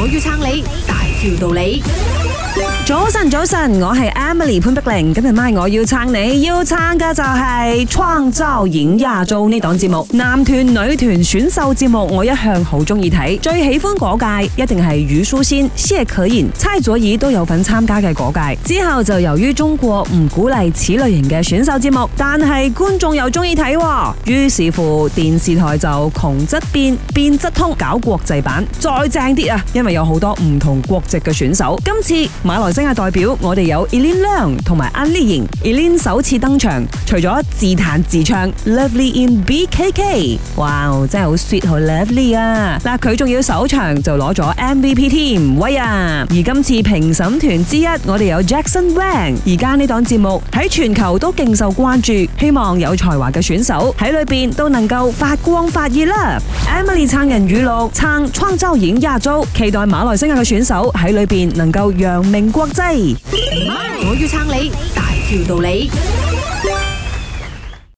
我要撐你。條道理，早晨早晨，我係 Emily 潘碧玲，今日晚我要撐你要參加就係《創造營亞洲》呢檔節目，男團女團選秀節目我一向好中意睇，最喜歡嗰屆一定係與書先，先係佢然猜左耳都有份參加嘅嗰屆，之後就由於中國唔鼓勵此類型嘅選秀節目，但係觀眾又中意睇，於是乎電視台就窮則變，變則通，搞國際版再正啲啊，因為有好多唔同國。值嘅選手，今次馬來西亞代表我哋有 Elin Long 同埋 Annie Yan。Elin 首次登場，除咗自彈自唱《Lovely in BKK》，哇，真係好 sweet，好 lovely 啊！嗱，佢仲要首場就攞咗 MVP 添，唔威啊！而今次評審團之一，我哋有 Jackson Wang。而家呢檔節目喺全球都勁受關注，希望有才華嘅選手喺裏邊都能夠發光發熱啦！Emily 撐人語錄，撐創造營亞洲，期待馬來西亞嘅選手。喺裏邊能夠揚名國際，我要撐你大條道理。